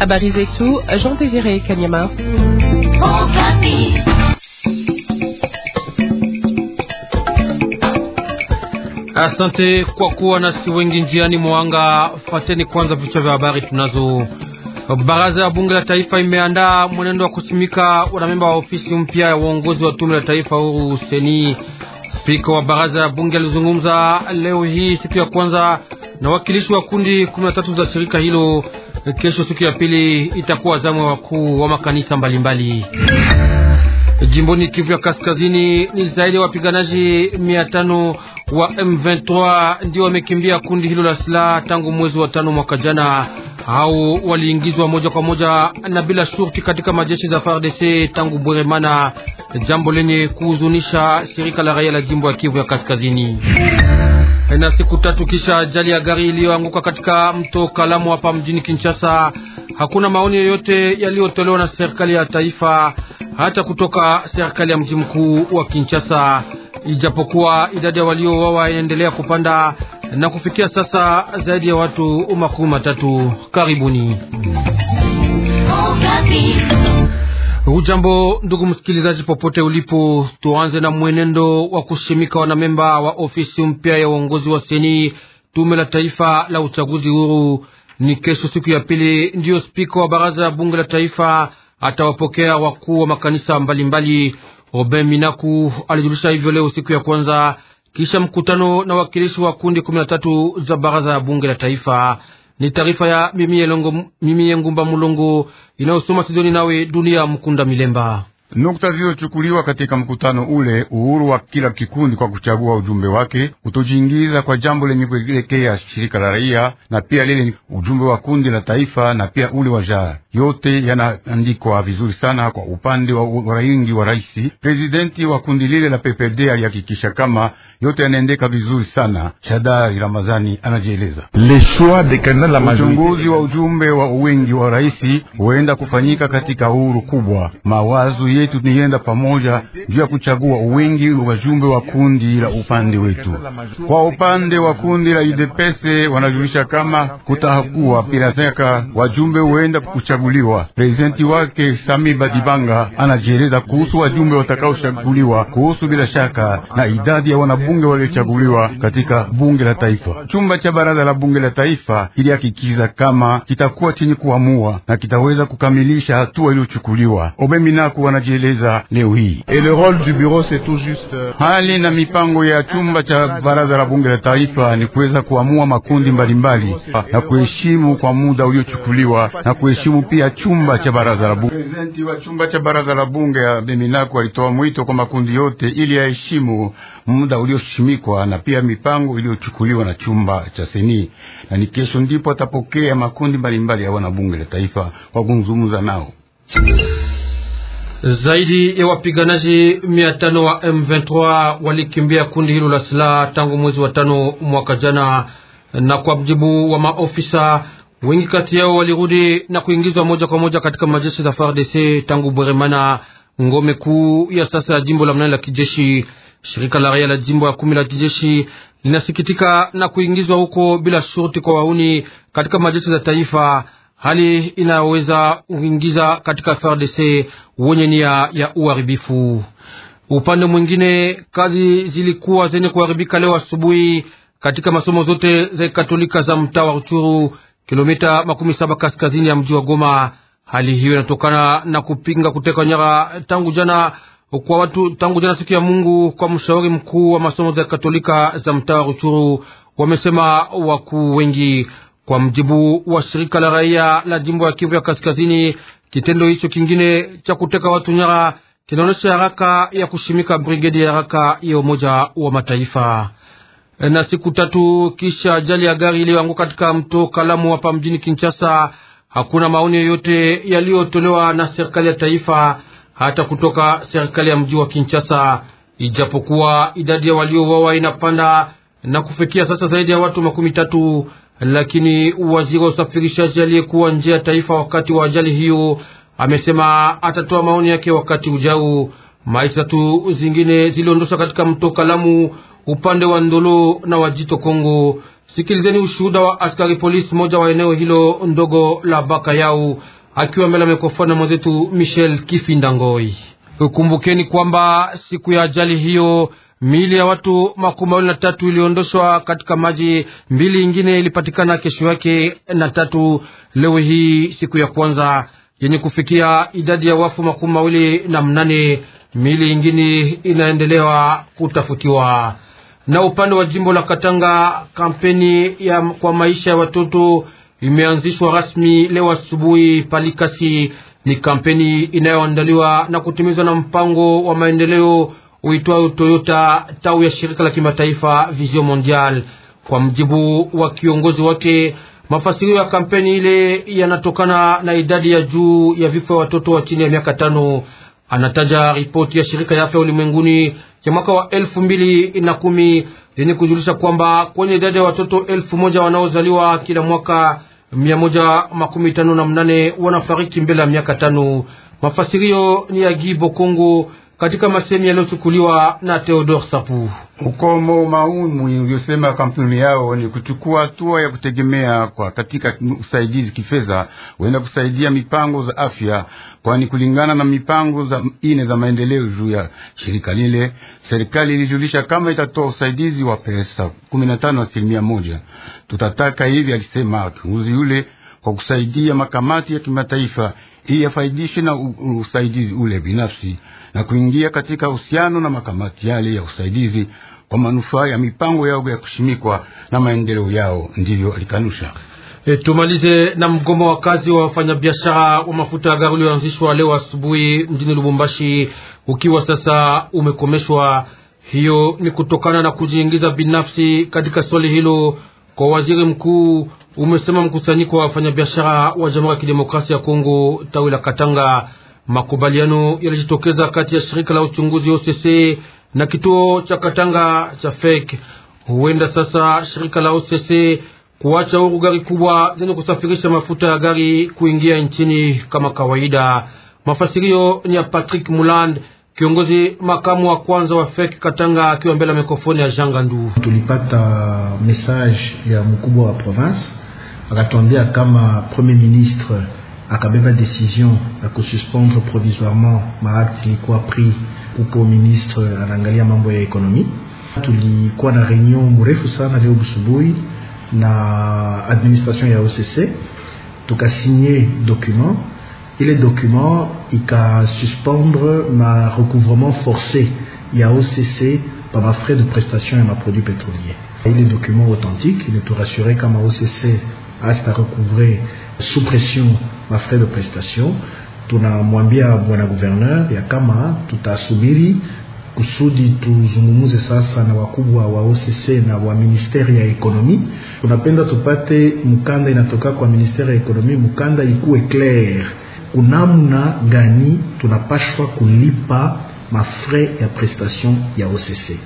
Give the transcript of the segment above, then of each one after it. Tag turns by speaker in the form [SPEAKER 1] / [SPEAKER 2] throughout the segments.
[SPEAKER 1] Habari zetu Jean Désiré Kanyama. Asante kwa kuwa nasi wengi njiani mwanga. Fateni kwanza vichwa vya habari tunazo. Baraza ya bunge la taifa imeandaa mwenendo wa kusimika wanamemba wa ofisi mpya ya uongozi wa tume la taifa huru seni. Spika wa baraza ya bunge alizungumza leo hii siku ya kwanza na wakilishi wa kundi 13 za shirika hilo. Kesho siku ya pili itakuwa zamu wakuu wa makanisa mbalimbali jimboni Kivu ya Kaskazini. Ni zaidi ya wapiganaji 500 wa M23 ndio wamekimbia kundi hilo la silaha tangu mwezi wa tano mwaka jana. au waliingizwa moja kwa moja na bila shurti katika majeshi za FARDC tangu Bweremana, jambo lenye kuhuzunisha shirika la raia la jimbo ya Kivu ya Kaskazini. Eh, na siku tatu kisha ajali ya gari iliyoanguka katika mto Kalamu hapa mjini Kinshasa, hakuna maoni yoyote yaliyotolewa na serikali ya taifa hata kutoka serikali ya mji mkuu wa Kinshasa, ijapokuwa idadi ya waliouawa inaendelea kupanda na kufikia sasa zaidi ya watu makumi matatu. Karibuni. Oh, ujambo ndugu msikilizaji, popote ulipo, tuanze na mwenendo wa kushimika wanamemba wa ofisi mpya ya uongozi wa seni tume la taifa la uchaguzi huru. Ni kesho siku ya pili ndiyo spika wa baraza ya bunge la taifa atawapokea wakuu wa makanisa mbalimbali. Robert Minaku alijulisha hivyo leo siku ya kwanza kisha mkutano na wakilishi wa kundi kumi na tatu za baraza ya bunge la taifa. Ni taarifa ya mimi Ngumba Mulongo inayosoma Sidoni nawe Dunia Mkunda Milemba.
[SPEAKER 2] Nukta zilizochukuliwa katika mkutano ule: uhuru wa kila kikundi kwa kuchagua ujumbe wake, kutojiingiza kwa jambo lenye kuelekea shirika la raia, na pia lile ujumbe wa kundi la taifa, na pia ule wa JAR. Yote yanaandikwa vizuri sana. Kwa upande wa uraingi wa rais. prezidenti wa kundi lile la PPD alihakikisha kama yote yanaendeka vizuri sana. Shadari Ramazani anajieleza, uchunguzi wa ujumbe wa uwingi wa raisi huenda kufanyika katika uhuru kubwa mawazo yetu tunienda pamoja juu ya kuchagua wa wajumbe wa kundi la upande wetu. Kwa upande wa kundi la UDPS wanajulisha kama kutahakuwa piraseka wajumbe huenda kuchaguliwa. Prezidenti wake Sami Badibanga anajieleza kuhusu wajumbe watakaochaguliwa kuhusu bila shaka na idadi ya wanabunge waliochaguliwa katika bunge la taifa. Chumba cha baraza la bunge la taifa kilihakikiza kama kitakuwa chenye kuamua na kitaweza kukamilisha hatua iliyochukuliwa. Obeminaku wanaji tunajieleza leo hii. Et le rôle du bureau c'est tout juste euh, hali na mipango ya chumba cha baraza la bunge la taifa ni kuweza kuamua makundi mbalimbali mbali, na kuheshimu kwa muda uliochukuliwa na kuheshimu pia chumba cha baraza la bunge. Presidenti wa chumba cha baraza la bunge ya Beminako alitoa mwito kwa makundi yote ili yaheshimu muda ulioshimikwa na pia mipango iliyochukuliwa na chumba cha seni, na ni kesho ndipo atapokea makundi mbalimbali ya wanabunge la taifa kwa kuzungumza nao.
[SPEAKER 1] Zaidi ya wapiganaji mia tano wa M23 walikimbia kundi hilo la silaha tangu mwezi wa tano mwaka jana, na kwa mjibu wa maofisa wengi kati yao walirudi na kuingizwa moja kwa moja katika majeshi za FARDC tangu Bweremana, ngome kuu ya sasa ya jimbo la mnane la kijeshi. Shirika la raia la jimbo ya kumi la kijeshi linasikitika na kuingizwa huko bila shurti kwa wauni katika majeshi za taifa hali inaweza kuingiza katika fdc wenye nia ya uharibifu. Upande mwingine, kazi zilikuwa zenye kuharibika leo asubuhi katika masomo zote za Katolika za mtaa wa Ruchuru, kilomita makumi saba kaskazini ya mji wa Goma. Hali hiyo inatokana na kupinga kuteka nyara tangu jana kwa watu tangu jana siku ya Mungu kwa mshauri mkuu wa masomo za Katolika za mtaa wa Ruchuru, wamesema wakuu wengi. Kwa mjibu wa shirika la raia la jimbo ya Kivu ya Kaskazini, kitendo hicho kingine cha kuteka watu nyara kinaonyesha haraka ya kushimika brigedi ya haraka ya Umoja wa Mataifa. Na siku tatu kisha ajali ya gari iliyoanguka katika mto Kalamu hapa mjini Kinshasa, hakuna maoni yoyote yaliyotolewa na serikali ya taifa hata kutoka serikali ya mji wa Kinshasa, ijapokuwa idadi ya waliowawa inapanda na kufikia sasa zaidi ya watu makumi tatu lakini waziri wa usafirishaji aliyekuwa nje ya taifa wakati wa ajali hiyo amesema atatoa maoni yake wakati ujao. Maiti tatu zingine ziliondoshwa katika mto Kalamu upande wa Ndolo na wajito Kongo. Sikilizeni ushuhuda wa askari polisi moja wa eneo hilo ndogo la Bakayau akiwa mbele ya mikrofoni na mwenzetu Michel kifindangoi Kumbukeni kwamba siku ya ajali hiyo Mili ya watu makumi mawili na tatu iliondoshwa katika maji, mbili ingine ilipatikana kesho yake na tatu leo hii, siku ya kwanza yenye kufikia idadi ya wafu makumi mawili na mnane. Mili ingine inaendelewa kutafutiwa. Na upande wa jimbo la Katanga, kampeni ya kwa maisha ya watoto imeanzishwa rasmi leo asubuhi Palikasi. Ni kampeni inayoandaliwa na kutimizwa na mpango wa maendeleo uitwayo Toyota, tau ya shirika la kimataifa Vision Mondial. Kwa mjibu wa kiongozi wake, mafasirio ya kampeni ile yanatokana na idadi ya juu ya vifo ya watoto wa chini ya miaka tano. Anataja ripoti ya shirika ya afya ulimwenguni ya mwaka wa elfu mbili na kumi yenye kujulisha kwamba kwenye idadi ya watoto elfu moja wanaozaliwa kila mwaka mia moja makumi tano na mnane wanafariki mbele ya miaka tano. Mafasirio ni ya Gibo Kongo katika masemi yaliyochukuliwa na Theodore Sapu.
[SPEAKER 2] Ukomo maumu uliosema kampuni yao ni kuchukua hatua ya kutegemea kwa katika usaidizi kifedha, huenda kusaidia mipango za afya, kwani kulingana na mipango za ine za maendeleo juu ya shirika lile, serikali ilijulisha kama itatoa usaidizi wa pesa 15 asilimia moja. Tutataka hivi, alisema kiongozi yule kwa kusaidia makamati ya kimataifa yafaidishe na usaidizi ule binafsi na kuingia katika uhusiano na makamati yale ya usaidizi kwa manufaa ya mipango yao ya kushimikwa na maendeleo yao, ndivyo alikanusha. E, tumalize na mgomo wa kazi wa wafanyabiashara wa mafuta ya gari ulioanzishwa leo
[SPEAKER 1] asubuhi mjini Lubumbashi ukiwa sasa umekomeshwa. Hiyo ni kutokana na kujiingiza binafsi katika swali hilo kwa waziri mkuu umesema mkusanyiko wa wafanyabiashara wa Jamhuri ya Kidemokrasia ya Kongo tawi la Katanga. Makubaliano yalijitokeza kati ya shirika la uchunguzi OCC na kituo cha Katanga cha FEK. Huenda sasa shirika la OCC kuacha huru gari kubwa zenye kusafirisha mafuta ya gari kuingia nchini kama kawaida. Mafasirio ni ya Patrick Muland Kiongozi makamu wa kwanza wa FEC Katanga akiwa mbele ya mikrofoni ya Jean Gandu.
[SPEAKER 3] Tulipata message ya mkubwa wa province akatuambia kama premier ministre akabeba decision ya kususpendre provisoirement maakti ilikuwa pris huko, ministre anaangalia mambo ya ekonomi. Tulikuwa na reunion mrefu sana leo busubuhi na administration ya OCC, tukasinye document ile document ika suspendre ma recouvrement forcé ya par ma frais de prestation et ma produit pétrolier. Il est document authentique, il est tout rassuré kama OCC hasta à recouvrer sous pression ma frais de prestation. Tuna mwambia bwana gouverneur, ya kama tutasubiri kusudi tuzungumuze sasa na wakubwa wa OCC na wa ministeri ya ekonomi. Tunapenda tupate mkanda inatoka kwa ministeri ya ekonomi, mkanda ikuwe claire kunamna gani tunapashwa kulipa mafrais ya prestation ya OCC.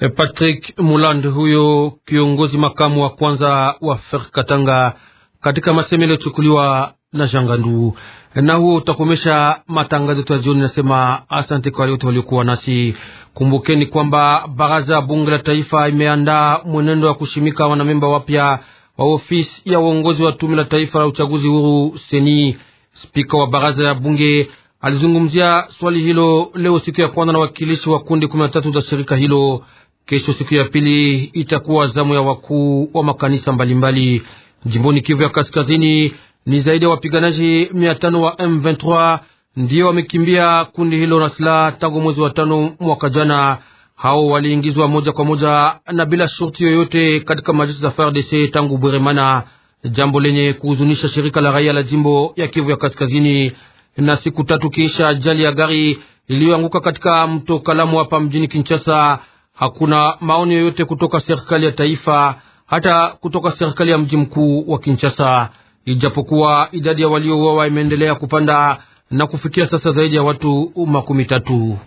[SPEAKER 1] Eh, Patrick Muland huyo kiongozi makamu wa kwanza wa Fer Katanga katika masemelo yaliyochukuliwa na Jangandu. Na huo utakomesha matangazo yetu ya jioni. Nasema asante kwa yote waliokuwa nasi. Kumbukeni kwamba baraza bunge la taifa imeandaa mwenendo wa kushimika wanamemba wapya wa ofisi ya uongozi wa tume la taifa la uchaguzi huru seni Spika wa baraza ya bunge alizungumzia swali hilo leo siku ya kwanza na wakilishi wa kundi kumi na tatu za shirika hilo. Kesho siku ya pili itakuwa zamu ya wakuu wa makanisa mbalimbali jimboni Kivu ya Kaskazini. Ni zaidi ya wapiganaji mia tano wa M23 ndiyo wamekimbia kundi hilo na silaha tangu mwezi wa tano mwaka jana. Hao waliingizwa moja kwa moja na bila shurti yoyote katika majeshi za FARDC tangu Bweremana jambo lenye kuhuzunisha shirika la raia la jimbo ya Kivu ya Kaskazini. Na siku tatu kisha ajali ya gari iliyoanguka katika mto Kalamu hapa mjini Kinshasa, hakuna maoni yoyote kutoka serikali ya taifa hata kutoka serikali ya mji mkuu wa Kinshasa, ijapokuwa idadi ya waliouawa imeendelea kupanda na kufikia sasa zaidi ya watu makumi tatu.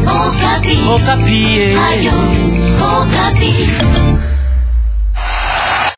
[SPEAKER 3] Okapi. Oh, Okapi. Oh, eh.